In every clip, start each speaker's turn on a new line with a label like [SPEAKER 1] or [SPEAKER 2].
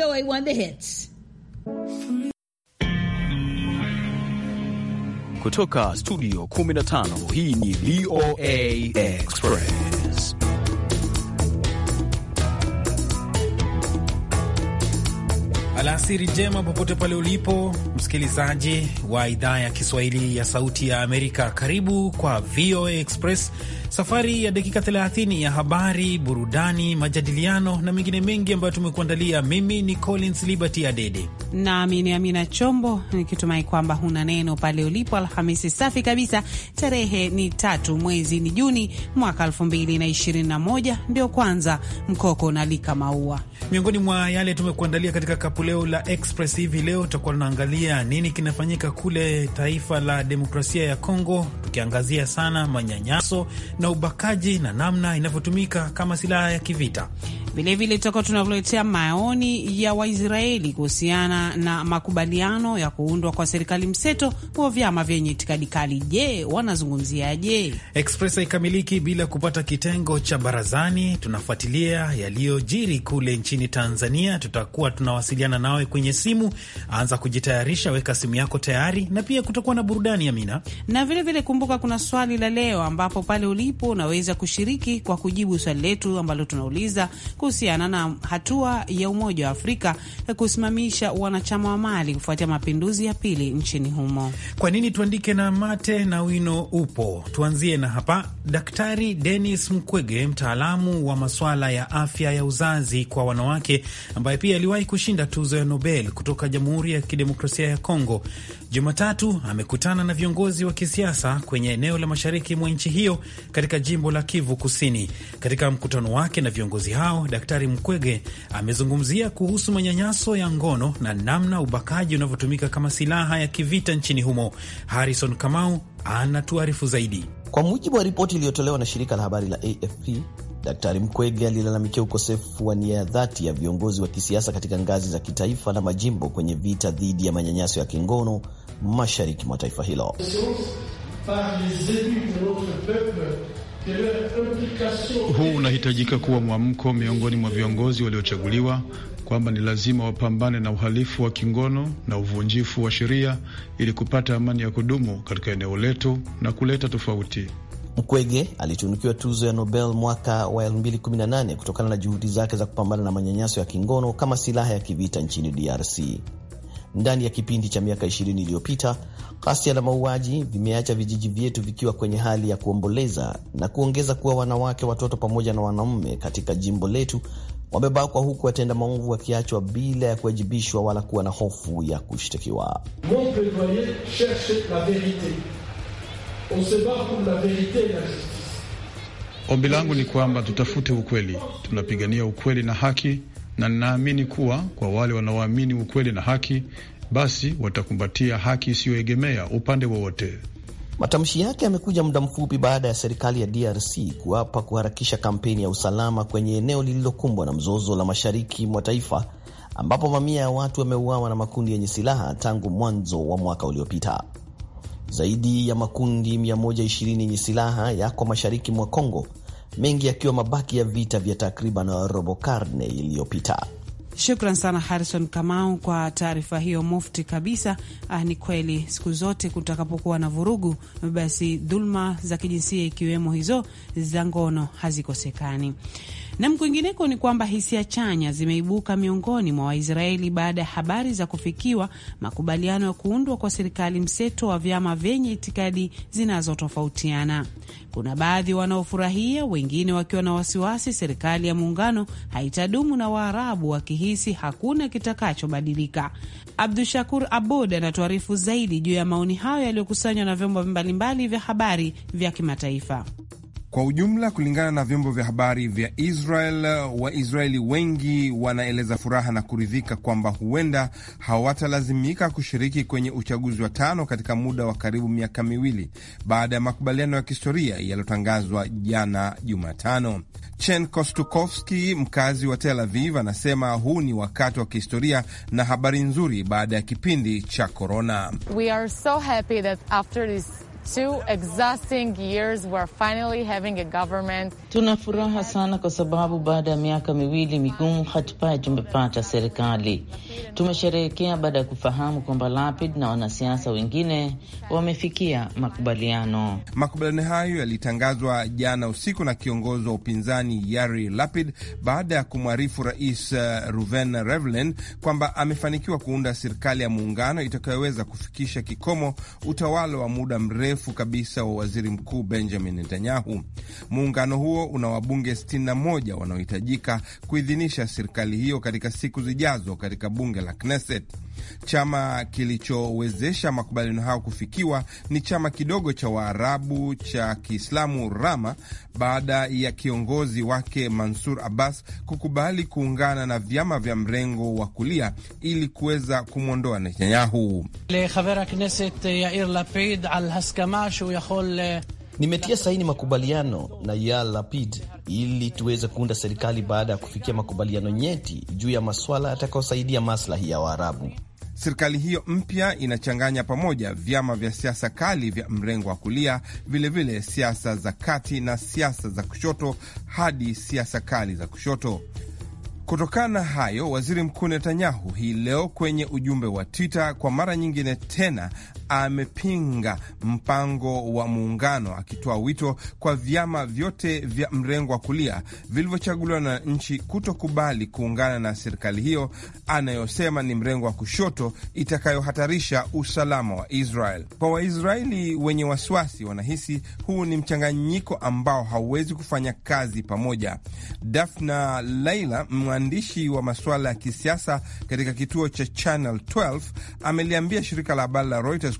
[SPEAKER 1] VOA One, the hits.
[SPEAKER 2] Kutoka studio 15 hii ni VOA Express.
[SPEAKER 3] Alasiri jema popote pale ulipo msikilizaji wa idhaa ya Kiswahili ya Sauti ya Amerika, karibu kwa VOA Express Safari ya dakika 30 ya habari, burudani, majadiliano na mengine mengi ambayo tumekuandalia. Mimi ni Collins Liberty Adede
[SPEAKER 4] nami ni Amina Chombo, nikitumai kwamba huna neno pale ulipo. Alhamisi safi kabisa, tarehe ni tatu, mwezi ni Juni mwaka 2021, ndio kwanza mkoko unalika maua.
[SPEAKER 3] Miongoni mwa yale tumekuandalia katika kapuleo la Express hivi leo, tutakuwa tunaangalia nini kinafanyika kule taifa la demokrasia ya Kongo, tukiangazia sana manyanyaso na ubakaji na namna inavyotumika kama silaha ya kivita.
[SPEAKER 4] Vilevile tutakuwa tunavyoletea maoni ya Waisraeli kuhusiana na makubaliano ya kuundwa kwa serikali mseto wa vyama vyenye itikadi kali. Je, wanazungumziaje?
[SPEAKER 3] Express haikamiliki bila kupata kitengo cha barazani. Tunafuatilia yaliyojiri kule nchini Tanzania, tutakuwa tunawasiliana nawe kwenye simu. Anza kujitayarisha, weka simu yako tayari, na pia kutakuwa na burudani Amina,
[SPEAKER 4] na vilevile vile kumbuka, kuna swali la leo ambapo pale ulipo unaweza kushiriki kwa kujibu swali letu ambalo tunauliza kuhusiana na hatua ya Umoja wa Afrika ya kusimamisha wanachama wa Mali kufuatia mapinduzi ya pili nchini humo.
[SPEAKER 3] Kwa nini tuandike na mate na wino upo? Tuanzie na hapa. Daktari Denis Mkwege, mtaalamu wa masuala ya afya ya uzazi kwa wanawake, ambaye pia aliwahi kushinda tuzo ya Nobel kutoka Jamhuri ya Kidemokrasia ya Kongo, Jumatatu amekutana na viongozi wa kisiasa kwenye eneo la mashariki mwa nchi hiyo katika jimbo la Kivu Kusini. Katika mkutano wake na viongozi hao Daktari Mkwege amezungumzia kuhusu manyanyaso ya ngono na namna ubakaji unavyotumika kama silaha ya kivita nchini humo. Harrison Kamau anatuarifu zaidi.
[SPEAKER 2] Kwa mujibu wa ripoti iliyotolewa na shirika la habari la AFP, Daktari Mkwege alilalamikia ukosefu wa nia ya dhati ya viongozi wa kisiasa katika ngazi za kitaifa na majimbo kwenye vita dhidi ya manyanyaso ya kingono mashariki mwa taifa hilo.
[SPEAKER 5] Huu unahitajika kuwa mwamko miongoni mwa viongozi waliochaguliwa kwamba ni lazima wapambane na uhalifu wa kingono na uvunjifu wa sheria ili kupata amani ya kudumu katika eneo letu na kuleta tofauti. Mkwege alitunukiwa tuzo ya Nobel
[SPEAKER 2] mwaka wa 2018 kutokana na juhudi zake za kupambana na manyanyaso ya kingono kama silaha ya kivita nchini DRC. Ndani ya kipindi cha miaka 20 iliyopita, ghasia na mauaji vimeacha vijiji vyetu vikiwa kwenye hali ya kuomboleza na kuongeza kuwa wanawake, watoto pamoja na wanaume katika jimbo letu wamebakwa huku watenda maovu wakiachwa bila ya kuwajibishwa wala kuwa na hofu ya kushtakiwa.
[SPEAKER 5] Ombi langu ni kwamba tutafute ukweli, tunapigania ukweli na haki na ninaamini kuwa kwa wale wanaoamini ukweli na haki, basi watakumbatia haki isiyoegemea upande wowote. Matamshi yake yamekuja muda mfupi baada ya serikali ya DRC kuapa kuharakisha
[SPEAKER 2] kampeni ya usalama kwenye eneo lililokumbwa na mzozo la mashariki mwa taifa ambapo mamia ya watu wameuawa na makundi yenye silaha tangu mwanzo wa mwaka uliopita. Zaidi ya makundi 120 yenye silaha yako mashariki mwa Kongo mengi yakiwa mabaki ya vita vya takriban robo karne iliyopita.
[SPEAKER 4] Shukran sana Harrison Kamau kwa taarifa hiyo mufti kabisa. Ah, ni kweli siku zote kutakapokuwa na vurugu, basi dhuluma za kijinsia ikiwemo hizo za ngono hazikosekani. Nam kwingineko ni kwamba hisia chanya zimeibuka miongoni mwa Waisraeli baada ya habari za kufikiwa makubaliano ya kuundwa kwa serikali mseto wa vyama vyenye itikadi zinazotofautiana. Kuna baadhi wanaofurahia, wengine wakiwa na wasiwasi serikali ya muungano haitadumu, na Waarabu wakihisi hakuna kitakachobadilika. Abdushakur Abud anatuarifu zaidi juu ya maoni hayo yaliyokusanywa na vyombo mbalimbali vya habari vya kimataifa.
[SPEAKER 6] Kwa ujumla, kulingana na vyombo vya habari vya Israel, Waisraeli wengi wanaeleza furaha na kuridhika kwamba huenda hawatalazimika kushiriki kwenye uchaguzi wa tano katika muda wa karibu miaka miwili baada ya makubaliano ya kihistoria yaliyotangazwa jana Jumatano. Chen Kostukovski, mkazi wa Tel Aviv, anasema huu ni wakati wa kihistoria na habari nzuri baada ya kipindi cha korona.
[SPEAKER 7] We are so happy that after this
[SPEAKER 4] Tuna furaha sana kwa sababu baada ya miaka miwili migumu hatimaye tumepata serikali. Tumesherehekea baada ya kufahamu kwamba Lapid na wanasiasa wengine wamefikia
[SPEAKER 1] makubaliano.
[SPEAKER 6] Makubaliano hayo yalitangazwa jana usiku na kiongozi wa upinzani Yari Lapid baada ya kumwarifu Rais uh, Ruven revelin kwamba amefanikiwa kuunda serikali ya muungano itakayoweza kufikisha kikomo utawala wa muda mrefu mrefu kabisa wa waziri mkuu Benjamin Netanyahu. Muungano huo una wabunge 61 wanaohitajika kuidhinisha serikali hiyo katika siku zijazo katika bunge la Knesset. Chama kilichowezesha makubaliano hayo kufikiwa ni chama kidogo cha Waarabu cha Kiislamu Rama, baada ya kiongozi wake Mansur Abbas kukubali kuungana na vyama vya mrengo wa kulia ili kuweza kumwondoa Netanyahu.
[SPEAKER 2] Nimetia saini makubaliano na Yair Lapid ili tuweze kuunda serikali baada ya kufikia makubaliano nyeti juu ya maswala yatakayosaidia maslahi ya Waarabu. Serikali hiyo mpya inachanganya pamoja vyama vya siasa
[SPEAKER 6] kali vya mrengo wa kulia, vilevile siasa za kati na siasa za kushoto hadi siasa kali za kushoto. Kutokana na hayo, waziri mkuu Netanyahu hii leo kwenye ujumbe wa Twitter kwa mara nyingine tena amepinga mpango wa muungano akitoa wito kwa vyama vyote vya mrengo wa kulia vilivyochaguliwa na nchi kutokubali kuungana na serikali hiyo anayosema ni mrengo wa kushoto itakayohatarisha usalama wa Israel. Kwa Waisraeli wenye wasiwasi, wanahisi huu ni mchanganyiko ambao hauwezi kufanya kazi pamoja. Dafna Laila, mwandishi wa masuala ya kisiasa katika kituo cha Channel 12, ameliambia shirika la habari la Reuters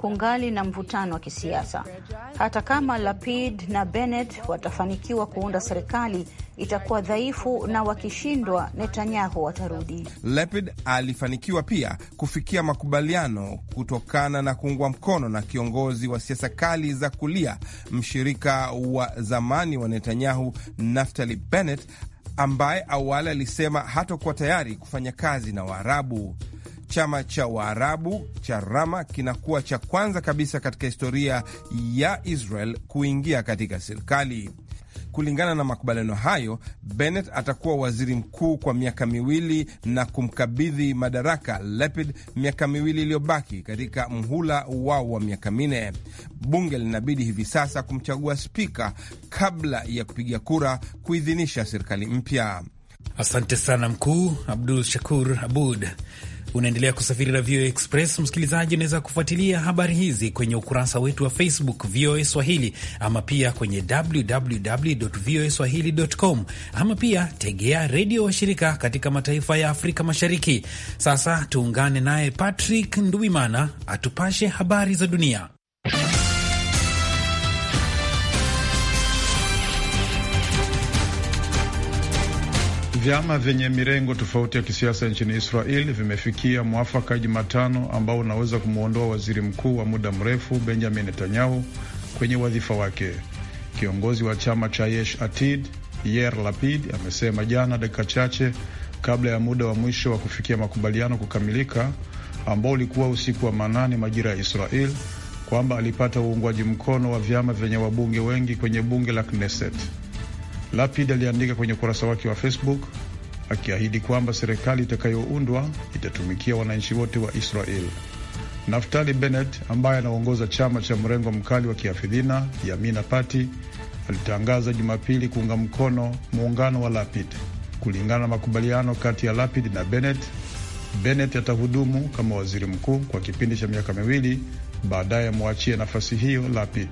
[SPEAKER 1] kungali na mvutano wa kisiasa. Hata kama Lapid na Bennett watafanikiwa kuunda serikali, itakuwa dhaifu, na wakishindwa, Netanyahu watarudi.
[SPEAKER 6] Lapid alifanikiwa pia kufikia makubaliano kutokana na kuungwa mkono na kiongozi wa siasa kali za kulia, mshirika wa zamani wa Netanyahu, Naftali Bennett, ambaye awali alisema hatakuwa tayari kufanya kazi na Waarabu chama cha Waarabu cha Rama kinakuwa cha kwanza kabisa katika historia ya Israel kuingia katika serikali. Kulingana na makubaliano hayo, Bennett atakuwa waziri mkuu kwa miaka miwili na kumkabidhi madaraka Lapid miaka miwili iliyobaki katika mhula wao wa miaka minne. Bunge linabidi hivi sasa kumchagua spika kabla ya kupiga kura
[SPEAKER 3] kuidhinisha serikali mpya. Asante sana mkuu Abdul Shakur Abud. Unaendelea kusafiri na VOA Express. Msikilizaji, unaweza kufuatilia habari hizi kwenye ukurasa wetu wa Facebook VOA Swahili, ama pia kwenye www voa swahili.com, ama pia tegea redio wa shirika katika mataifa ya Afrika Mashariki. Sasa tuungane naye Patrick nduimana atupashe habari za dunia.
[SPEAKER 5] Vyama vyenye mirengo tofauti ya kisiasa nchini Israel vimefikia mwafaka Jumatano ambao unaweza kumwondoa waziri mkuu wa muda mrefu Benjamin Netanyahu kwenye wadhifa wake. Kiongozi wa chama cha Yesh Atid Yer Lapid amesema jana, dakika chache kabla ya muda wa mwisho wa kufikia makubaliano kukamilika, ambao ulikuwa usiku wa manane majira ya Israel, kwamba alipata uungwaji mkono wa vyama vyenye wabunge wengi kwenye bunge la Knesset. Lapid aliandika kwenye ukurasa wake wa Facebook akiahidi kwamba serikali itakayoundwa itatumikia wananchi wote wa Israel. Naftali Bennett ambaye anaongoza chama cha mrengo mkali wa kiafidhina Yamina Party alitangaza Jumapili kuunga mkono muungano wa Lapid. Kulingana na makubaliano kati ya Lapid na Bennett, Bennett atahudumu kama waziri mkuu kwa kipindi cha miaka miwili, baadaye amwachie nafasi hiyo Lapid.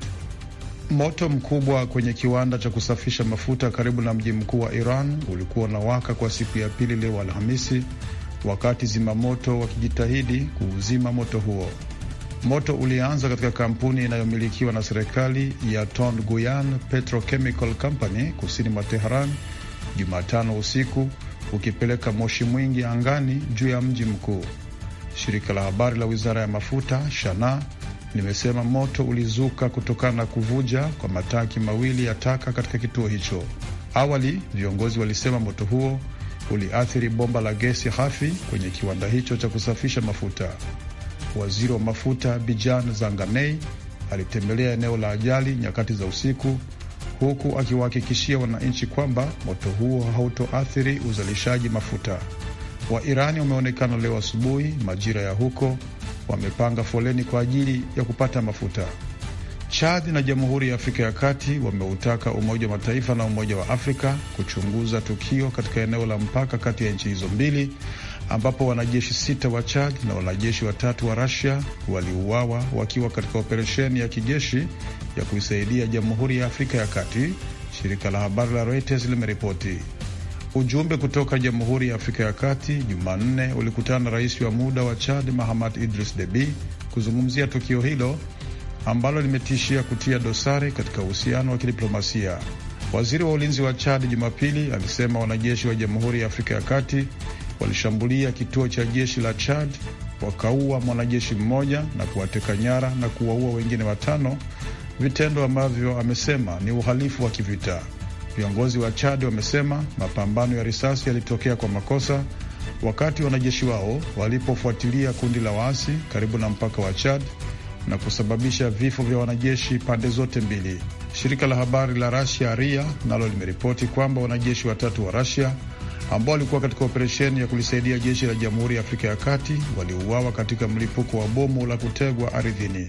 [SPEAKER 5] Moto mkubwa kwenye kiwanda cha kusafisha mafuta karibu na mji mkuu wa Iran ulikuwa unawaka kwa siku ya pili leo Alhamisi, wakati zimamoto wakijitahidi kuuzima moto huo. Moto ulianza katika kampuni inayomilikiwa na serikali ya Guyan Petrochemical Company kusini mwa Teheran Jumatano usiku, ukipeleka moshi mwingi angani juu ya mji mkuu. Shirika la habari la wizara ya mafuta Shanaa Nimesema moto ulizuka kutokana na kuvuja kwa mataki mawili ya taka katika kituo hicho. Awali viongozi walisema moto huo uliathiri bomba la gesi hafi kwenye kiwanda hicho cha kusafisha mafuta. Waziri wa mafuta Bijan Zanganei alitembelea eneo la ajali nyakati za usiku, huku akiwahakikishia wananchi kwamba moto huo hautoathiri uzalishaji mafuta. Wairani wameonekana leo asubuhi majira ya huko wamepanga foleni kwa ajili ya kupata mafuta. Chad na Jamhuri ya Afrika ya Kati wameutaka Umoja wa Mataifa na Umoja wa Afrika kuchunguza tukio katika eneo la mpaka kati ya nchi hizo mbili ambapo wanajeshi sita wa Chad na wanajeshi watatu wa Rasia waliuawa wakiwa katika operesheni ya kijeshi ya kuisaidia Jamhuri ya Afrika ya Kati, shirika la habari la Reuters limeripoti. Ujumbe kutoka Jamhuri ya Afrika ya Kati Jumanne ulikutana na rais wa muda wa Chad Mahamad Idris Deby kuzungumzia tukio hilo ambalo limetishia kutia dosari katika uhusiano wa kidiplomasia. Waziri wa ulinzi wa Chad Jumapili alisema wanajeshi wa Jamhuri ya Afrika ya Kati walishambulia kituo cha jeshi la Chad, wakaua mwanajeshi mmoja na kuwateka nyara na kuwaua wengine watano, vitendo ambavyo amesema ni uhalifu wa kivita. Viongozi wa Chad wamesema mapambano ya risasi yalitokea kwa makosa wakati wanajeshi wao walipofuatilia kundi la waasi karibu na mpaka wa Chad na kusababisha vifo vya wanajeshi pande zote mbili. Shirika la habari la Rasia RIA nalo limeripoti kwamba wanajeshi watatu wa Rasia ambao walikuwa katika operesheni ya kulisaidia jeshi la Jamhuri ya Afrika ya Kati waliuawa katika mlipuko wa bomu la kutegwa ardhini.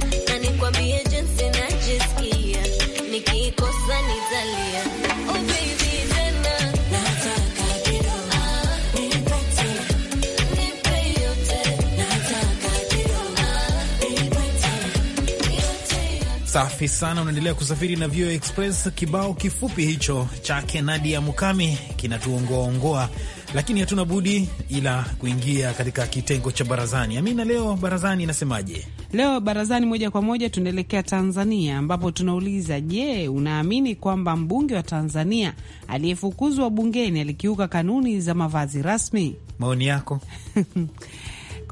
[SPEAKER 7] nikwambie jinsi najisikia nikikosa nizalia oh, ah,
[SPEAKER 3] ah, Safi sana, unaendelea kusafiri na VOA Express. Kibao kifupi hicho cha kenadi ya Mukami kinatuongoaongoa lakini hatuna budi ila kuingia katika kitengo cha barazani. Amina, leo barazani inasemaje?
[SPEAKER 4] Leo barazani moja kwa moja tunaelekea Tanzania, ambapo tunauliza je, unaamini kwamba mbunge wa Tanzania aliyefukuzwa bungeni alikiuka kanuni za mavazi rasmi?
[SPEAKER 3] Maoni yako?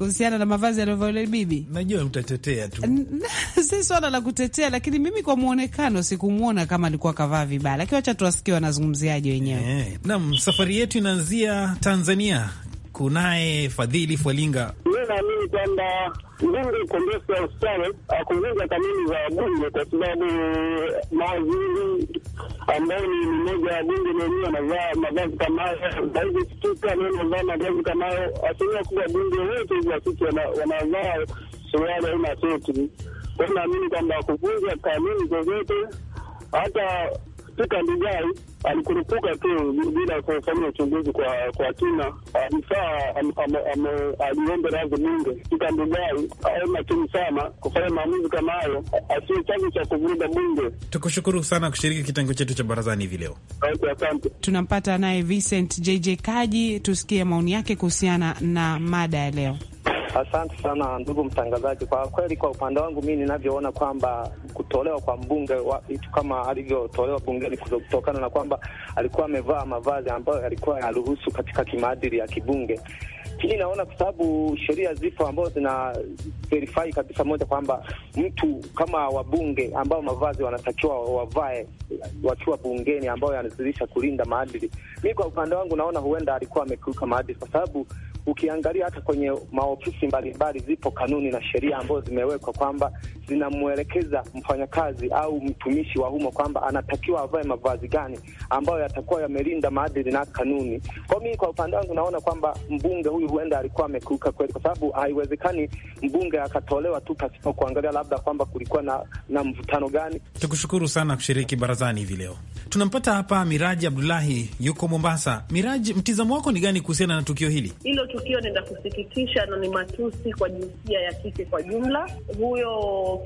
[SPEAKER 4] kuhusiana na mavazi aliyovaa bibi? Najua utatetea tu, si swala la kutetea, lakini mimi kwa mwonekano sikumwona kama alikuwa kavaa vibaya, lakini wacha tuwasikie wanazungumziaje wenyewe.
[SPEAKER 3] Eh, naam, safari yetu inaanzia Tanzania, kunaye Fadhili Fwalinga
[SPEAKER 8] naamini kwamba bunge Kongresi austawe akuvunja kanuni za bunge, kwa sababu mawaziri ambayo ni mmoja wa bunge lenyewe anavaa mavazi kama hayo, naibu spika naye anavaa mavazi kama hayo, asilimia kubwa bunge wote hivi wakiki wanavaa suruali aina teti. Kwa hiyo naamini kwamba kuvunja kanuni zozote hata Spika Ndugai alikurupuka tu bila kufanya uchunguzi kwa kwa kina. Alifaa aliombe radhi bunge. Spika Ndugai awe makini sana kufanya maamuzi kama hayo, asiwe chanzo
[SPEAKER 3] cha kuvunja bunge. Tukushukuru sana kushiriki kitengo chetu cha barazani hivi leo.
[SPEAKER 4] Asante. Tunampata naye Vincent JJ Kaji, tusikie maoni yake kuhusiana na mada ya leo.
[SPEAKER 3] Asante sana ndugu mtangazaji. Kwa kweli, kwa upande wangu mi ninavyoona kwamba kutolewa kwa mbunge itu kama alivyotolewa bungeni, kutokana na kwamba alikuwa amevaa mavazi ambayo yalikuwa yaruhusu katika kimaadili ya kibunge. Hii naona kwa sababu sheria zipo ambazo zina verify kabisa moja kwamba mtu kama wabunge ambao mavazi wanatakiwa wavae wakiwa bungeni, ambayo yanazidisha kulinda maadili. Mi kwa upande wangu naona huenda alikuwa amekiuka maadili kwa sababu ukiangalia hata kwenye maofisi mbalimbali zipo kanuni na sheria ambazo zimewekwa kwamba zinamwelekeza mfanyakazi au mtumishi wa umma kwamba anatakiwa avae mavazi gani ambayo yatakuwa yamelinda maadili na kanuni. Kwa mimi, kwa upande wangu, naona kwamba mbunge huyu huenda alikuwa amekuuka kweli, kwa sababu haiwezekani mbunge akatolewa tu pasipo kuangalia labda kwamba kulikuwa na, na mvutano gani. Tukushukuru sana kushiriki barazani hivi leo. Tunampata hapa Miraji Abdulahi, yuko Mombasa. Miraji, mtizamo wako ni gani kuhusiana na tukio hili
[SPEAKER 8] hilo? tukio ni la kusikitisha na ni matusi kwa jinsia ya kike kwa jumla. Huyo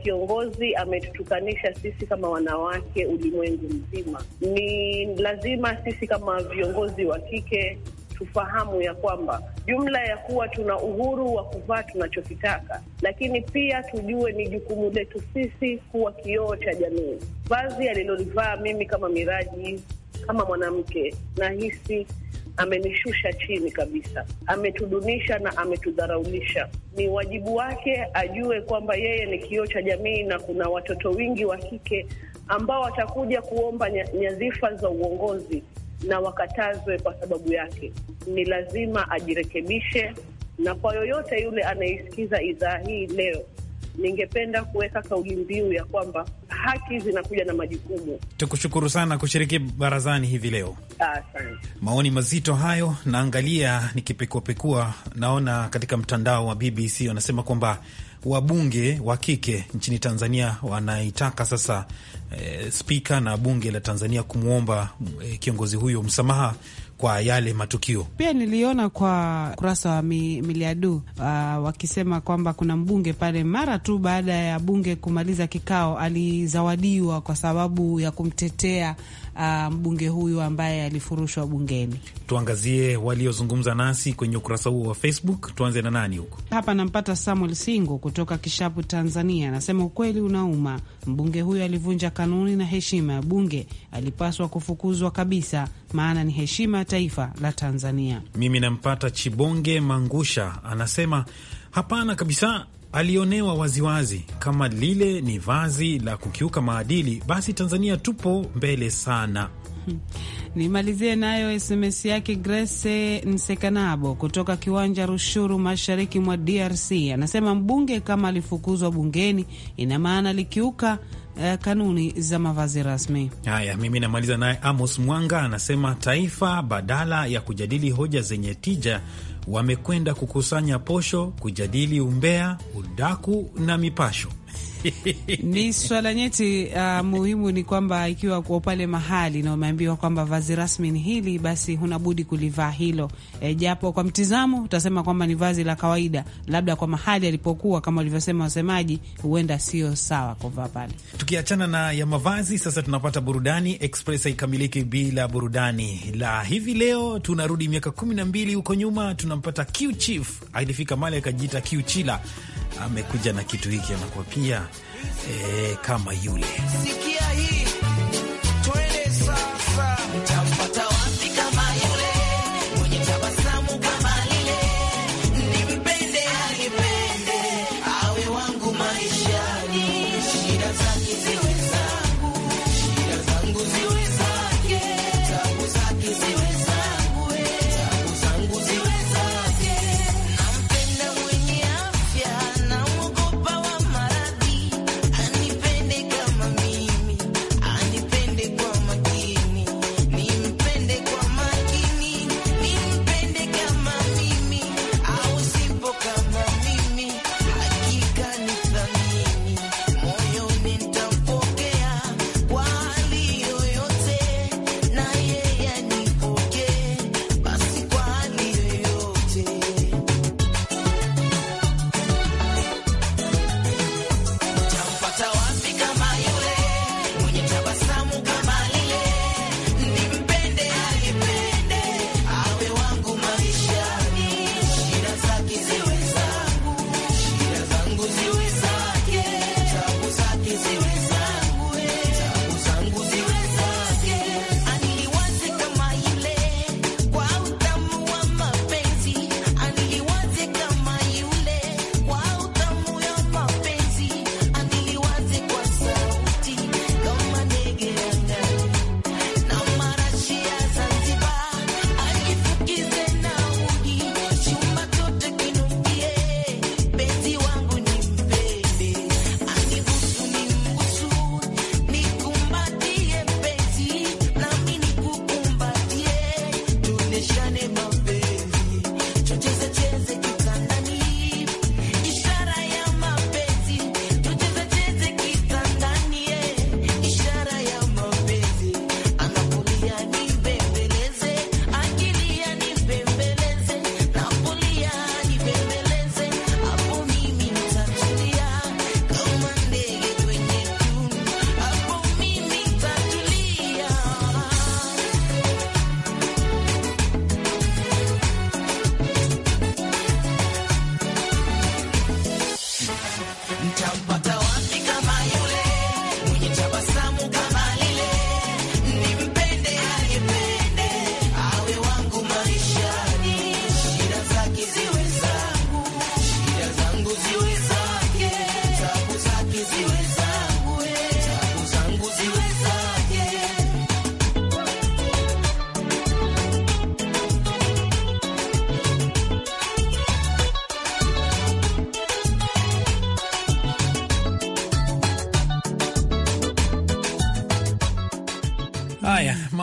[SPEAKER 8] kiongozi ametutukanisha sisi kama wanawake ulimwengu mzima. Ni lazima sisi kama viongozi wa kike tufahamu ya kwamba jumla ya kuwa tuna uhuru wa kuvaa tunachokitaka, lakini pia tujue ni jukumu letu sisi kuwa kioo cha jamii. Vazi alilolivaa mimi kama Miraji, kama mwanamke, nahisi amenishusha chini kabisa, ametudunisha na ametudharaulisha. Ni wajibu wake ajue kwamba yeye ni kioo cha jamii, na kuna watoto wingi wa kike ambao watakuja kuomba nyadhifa za uongozi na wakatazwe kwa sababu yake. Ni lazima ajirekebishe, na kwa yoyote yule anayesikiza idhaa hii leo ningependa kuweka kauli mbiu ya kwamba haki zinakuja na majukumu.
[SPEAKER 3] Tukushukuru sana kushiriki barazani hivi leo. Asante. Maoni mazito hayo, naangalia nikipekuapekua, naona katika mtandao wa BBC wanasema kwamba wabunge wa kike nchini Tanzania wanaitaka sasa e, spika na bunge la Tanzania kumwomba e, kiongozi huyo msamaha kwa yale matukio.
[SPEAKER 4] Pia niliona kwa kurasa wa mi, miliadu uh, wakisema kwamba kuna mbunge pale, mara tu baada ya bunge kumaliza kikao, alizawadiwa kwa sababu ya kumtetea Uh, mbunge um, huyu ambaye alifurushwa bungeni.
[SPEAKER 3] Tuangazie waliozungumza nasi kwenye ukurasa huo wa Facebook. Tuanze na nani huko?
[SPEAKER 4] Hapa nampata Samuel Singo kutoka Kishapu, Tanzania, anasema ukweli unauma. Mbunge huyu alivunja kanuni na heshima ya bunge, alipaswa kufukuzwa kabisa, maana ni heshima ya taifa la Tanzania.
[SPEAKER 3] Mimi nampata Chibonge Mangusha anasema Hapana kabisa, alionewa waziwazi kama lile ni vazi la kukiuka maadili, basi Tanzania tupo mbele sana.
[SPEAKER 4] Nimalizie nayo SMS yake Grace Nsekanabo kutoka kiwanja Rushuru, mashariki mwa DRC. Anasema mbunge kama alifukuzwa bungeni, ina maana alikiuka uh, kanuni za mavazi rasmi.
[SPEAKER 3] Haya, mimi namaliza naye Amos Mwanga anasema taifa badala ya kujadili hoja zenye tija wamekwenda kukusanya posho kujadili umbea, udaku na mipasho. ni swala
[SPEAKER 4] nyeti. Uh, muhimu ni kwamba ikiwa kwa pale mahali na umeambiwa kwamba vazi rasmi ni hili, basi huna budi kulivaa hilo e, japo kwa mtizamo utasema kwamba ni vazi la kawaida, labda kwa mahali alipokuwa, kama walivyosema wasemaji, huenda sio sawa kuvaa pale.
[SPEAKER 3] Tukiachana na ya mavazi, sasa tunapata burudani. Express haikamiliki bila burudani. La hivi leo tunarudi miaka kumi na mbili huko nyuma tuna anampata Q Chief, alifika mali akajiita Q Chila, amekuja na kitu hiki anakuwa pia e, kama yule.
[SPEAKER 7] Sikia hii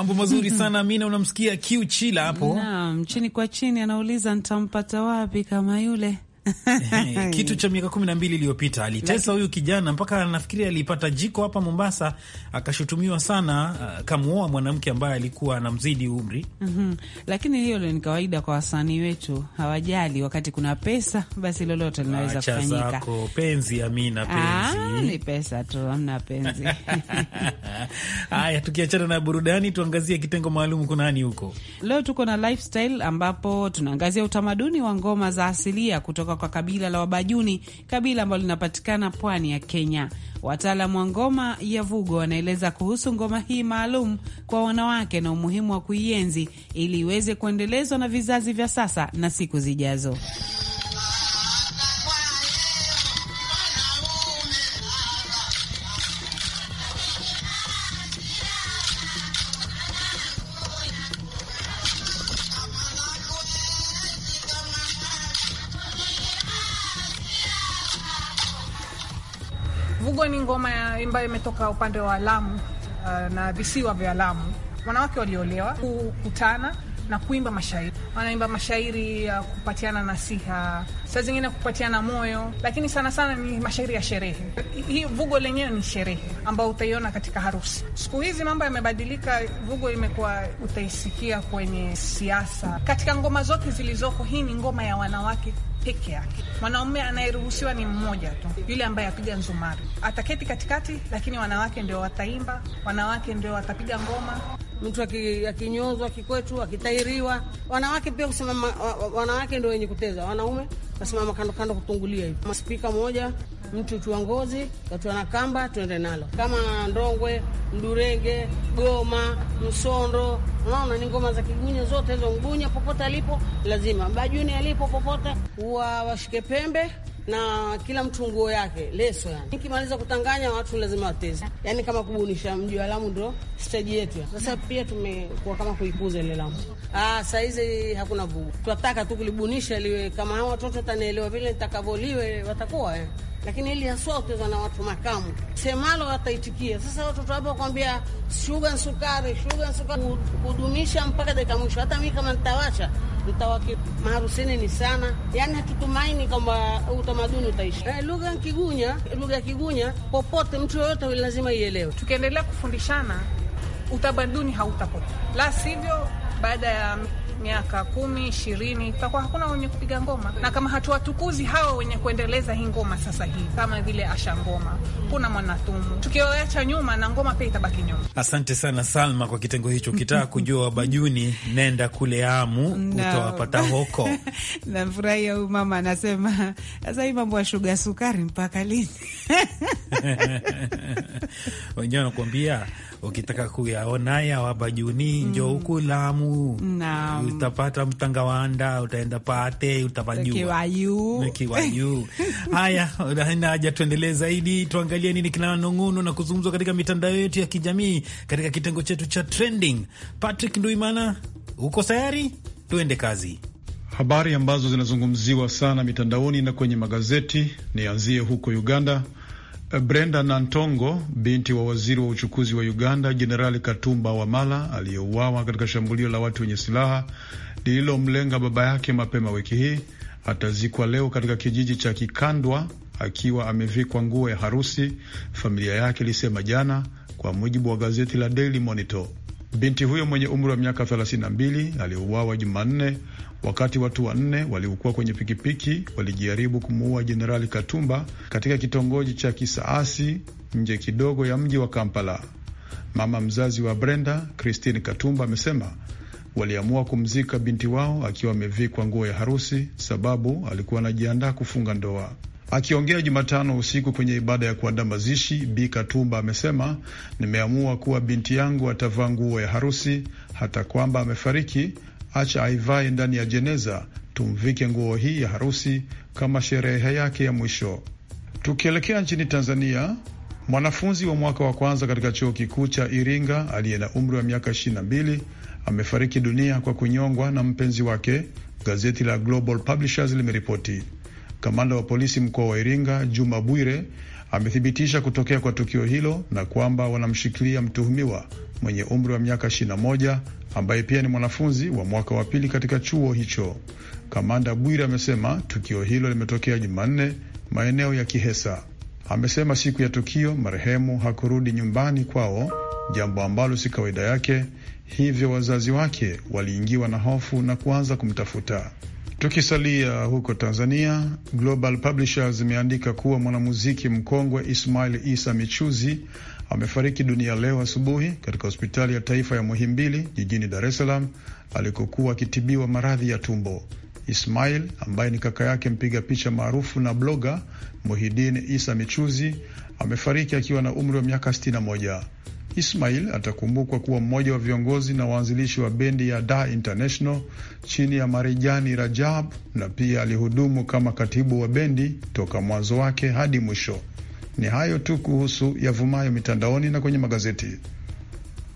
[SPEAKER 3] mambo mazuri mm-hmm. sana Mina, unamsikia kiu chila hapo.
[SPEAKER 4] Naam, chini kwa chini anauliza ntampata wapi kama yule
[SPEAKER 3] Eh, kitu cha miaka kumi na mbili iliyopita alitesa huyu kijana mpaka nafikiri alipata jiko hapa Mombasa, akashutumiwa sana, eh, kamuoa mwanamke ambaye alikuwa anamzidi umri. mm
[SPEAKER 4] -hmm. Lakini hiyo ni kawaida kwa wasanii wetu, hawajali. Wakati kuna pesa, basi
[SPEAKER 3] lolote linaweza kufanyika. Zako penzi, Amina, ah, penzi. Aa, ni pesa tu, amna penzi. Haya, tukiachana na burudani, tuangazie kitengo maalum. Kuna nani huko
[SPEAKER 4] leo? Tuko na lifestyle, ambapo tunaangazia utamaduni wa ngoma za asilia kutoka kutoka kwa kabila la Wabajuni, kabila ambalo linapatikana pwani ya Kenya. Wataalamu wa ngoma ya Vugo wanaeleza kuhusu ngoma hii maalum kwa wanawake na umuhimu wa kuienzi ili iweze kuendelezwa na vizazi vya sasa na siku zijazo. ambayo imetoka upande wa Lamu uh, na visiwa vya Lamu. Wanawake waliolewa kukutana na kuimba mashairi, wanaimba mashairi ya uh, kupatiana nasiha, saa zingine kupatiana moyo, lakini sana sana ni mashairi ya sherehe. Hii vugo lenyewe ni sherehe ambayo utaiona katika harusi. Siku hizi mambo yamebadilika, vugo imekuwa utaisikia kwenye siasa, katika ngoma zote zilizoko. Hii ni ngoma ya wanawake peke yake. Mwanaume anayeruhusiwa ni mmoja tu, yule ambaye apiga nzumari, ataketi katikati, lakini wanawake
[SPEAKER 1] ndio wataimba, wanawake ndio watapiga ngoma. Mtu akinyozwa, kikwetu akitairiwa, wanawake pia kusimama. Wanawake ndio wenye kuteza, wanaume wasimama kando kando kutungulia hivi. maspika moja mtu katua na kamba tuende nalo, kama Ndongwe, Mdurenge, Goma, Msondo. Unaona, ni ngoma za Kigunya zote hizo. Mgunya popote alipo lazima, Bajuni alipo popote, huwa washike pembe na kila mtu nguo yake leso. Yani nikimaliza kutanganya watu lazima wateze, yani kama kubunisha mji wa Lamu ndo steji yetu. Sasa pia tumekuwa kama kuikuza ile Lamu. Ah, saizi hakuna vugu, tunataka tu kulibunisha liwe kama hao watoto watanielewa vile nitakavyoliwe watakuwa eh lakini ili haswa uteza na watu makamu, semalo wataitikia. Sasa watoto hapo kwambia shuga sukari, shuga sukari, kudumisha mpaka dakika mwisho. Hata mi kama nitawacha, nitawaki maharusini ni sana, yaani hatutumaini kwamba utamaduni utaishi. Eh, lugha ya Kigunya, lugha ya Kigunya popote, mtu yoyote lazima ielewe.
[SPEAKER 4] Tukiendelea kufundishana, utamaduni hautapotea, la sivyo baada ya miaka kumi ishirini tutakuwa hakuna wenye kupiga ngoma, na kama hatuwatukuzi hawa wenye kuendeleza hii ngoma sasa hivi, kama vile Asha Ngoma, kuna Mwanatumu, tukiwaacha nyuma na ngoma pia itabaki nyuma.
[SPEAKER 3] Asante sana Salma kwa kitengo hicho. Ukitaka kujua wabajuni, nenda kule Amu utawapata huko.
[SPEAKER 4] Namfurahia huyu mama anasema, sasa hii mambo ya shuga sukari mpaka lini?
[SPEAKER 3] wenyewe wanakuambia Ukitaka kuyaona ya hapa Juni, njo mm. huku Lamu, utapata Mtangawanda, utaenda Pate, utapajua Kiwayu. Haya, haina haja tuendelee zaidi, tuangalie nini nong'ono na kuzungumzwa katika mitandao yetu ya kijamii katika kitengo chetu cha trending. Patrick Nduimana, uko
[SPEAKER 5] tayari? Tuende kazi. Habari ambazo zinazungumziwa sana mitandaoni na kwenye magazeti, nianzie huko Uganda Brenda Nantongo, binti wa waziri wa uchukuzi wa Uganda Jenerali Katumba Wamala, aliyeuawa katika shambulio la watu wenye silaha lililomlenga baba yake mapema wiki hii, atazikwa leo katika kijiji cha Kikandwa akiwa amevikwa nguo ya harusi, familia yake ilisema jana, kwa mujibu wa gazeti la Daily Monitor. Binti huyo mwenye umri wa miaka 32 aliuawa Jumanne wakati watu wanne waliokuwa kwenye pikipiki walijaribu kumuua Jenerali Katumba katika kitongoji cha Kisaasi nje kidogo ya mji wa Kampala. Mama mzazi wa Brenda, Christine Katumba, amesema waliamua kumzika binti wao akiwa amevikwa nguo ya harusi sababu alikuwa anajiandaa kufunga ndoa. Akiongea Jumatano usiku kwenye ibada ya kuandaa mazishi, Bi Katumba amesema, nimeamua kuwa binti yangu atavaa nguo ya harusi, hata kwamba amefariki. Acha aivae ndani ya jeneza, tumvike nguo hii ya harusi kama sherehe yake ya mwisho. Tukielekea nchini Tanzania, mwanafunzi wa mwaka wa kwanza katika chuo kikuu cha Iringa aliye na umri wa miaka 22 amefariki dunia kwa kunyongwa na mpenzi wake, gazeti la Global Publishers limeripoti. Kamanda wa polisi mkoa wa Iringa, Juma Bwire, amethibitisha kutokea kwa tukio hilo na kwamba wanamshikilia mtuhumiwa mwenye umri wa miaka 21 ambaye pia ni mwanafunzi wa mwaka wa pili katika chuo hicho. Kamanda Bwire amesema tukio hilo limetokea Jumanne maeneo ya Kihesa. Amesema siku ya tukio marehemu hakurudi nyumbani kwao, jambo ambalo si kawaida yake, hivyo wazazi wake waliingiwa na hofu na kuanza kumtafuta. Tukisalia huko Tanzania, Global Publishers imeandika kuwa mwanamuziki mkongwe Ismail Isa Michuzi amefariki dunia leo asubuhi katika hospitali ya taifa ya Muhimbili jijini Dar es Salaam alikokuwa akitibiwa maradhi ya tumbo. Ismail ambaye ni kaka yake mpiga picha maarufu na bloga Muhidin Isa Michuzi amefariki akiwa na umri wa miaka 61. Ismail atakumbukwa kuwa mmoja wa viongozi na waanzilishi wa bendi ya Da International chini ya Marijani Rajab, na pia alihudumu kama katibu wa bendi toka mwanzo wake hadi mwisho. Ni hayo tu kuhusu yavumayo mitandaoni na kwenye magazeti.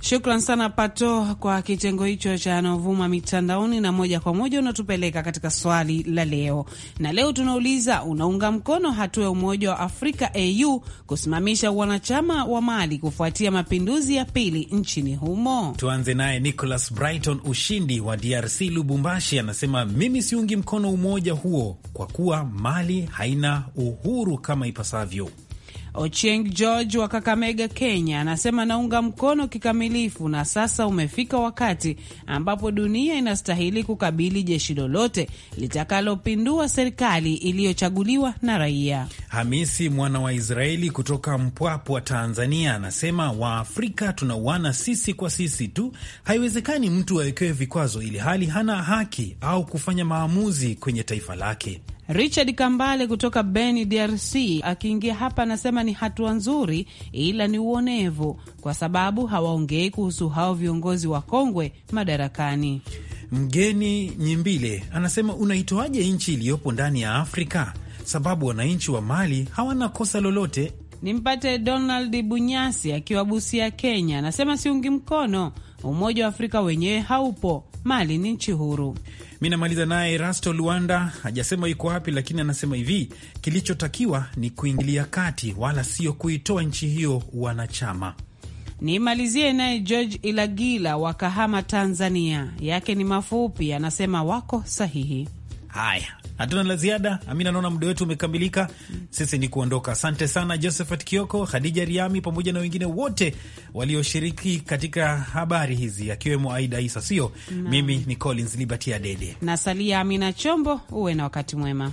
[SPEAKER 4] Shukran sana Pato kwa kitengo hicho cha yanayovuma mitandaoni, na moja kwa moja unatupeleka katika swali la leo, na leo tunauliza, unaunga mkono hatua ya Umoja wa Afrika au kusimamisha wanachama wa Mali kufuatia mapinduzi ya pili nchini humo?
[SPEAKER 3] Tuanze naye Nicholas Brighton ushindi wa DRC Lubumbashi, anasema mimi siungi mkono umoja huo kwa kuwa Mali haina uhuru kama ipasavyo. Ochieng George wa Kakamega, Kenya,
[SPEAKER 4] anasema naunga mkono kikamilifu, na sasa umefika wakati ambapo dunia inastahili kukabili jeshi lolote litakalopindua serikali iliyochaguliwa na raia.
[SPEAKER 3] Hamisi mwana wa Israeli kutoka Mpwapwa, Tanzania, anasema Waafrika tunauana sisi kwa sisi tu. Haiwezekani mtu awekewe vikwazo ili hali hana haki au kufanya maamuzi kwenye taifa lake.
[SPEAKER 4] Richard Kambale kutoka Beni, DRC, akiingia hapa anasema ni hatua nzuri, ila ni uonevu kwa sababu hawaongei kuhusu hao viongozi wa kongwe madarakani.
[SPEAKER 3] Mgeni Nyimbile anasema unaitoaje nchi iliyopo ndani ya Afrika sababu wananchi wa Mali hawana kosa lolote.
[SPEAKER 4] Nimpate Donald Bunyasi akiwa Busia, Kenya, anasema siungi mkono Umoja wa Afrika wenyewe haupo. Mali
[SPEAKER 3] ni nchi huru. Mi namaliza naye Rasto Luanda, hajasema iko wapi, lakini anasema hivi, kilichotakiwa ni kuingilia kati, wala sio kuitoa nchi hiyo wanachama.
[SPEAKER 4] Nimalizie naye George Ilagila wa Kahama, Tanzania, yake ni mafupi, anasema wako sahihi.
[SPEAKER 3] Haya, Hatuna la ziada. Amina, naona muda wetu umekamilika, sisi ni kuondoka. Asante sana Josephat Kioko, Khadija Riami pamoja na wengine wote walioshiriki katika habari hizi, akiwemo Aida Isa sio na. Mimi ni Collins Liberty Adede
[SPEAKER 4] nasalia Amina Chombo. Uwe na wakati mwema.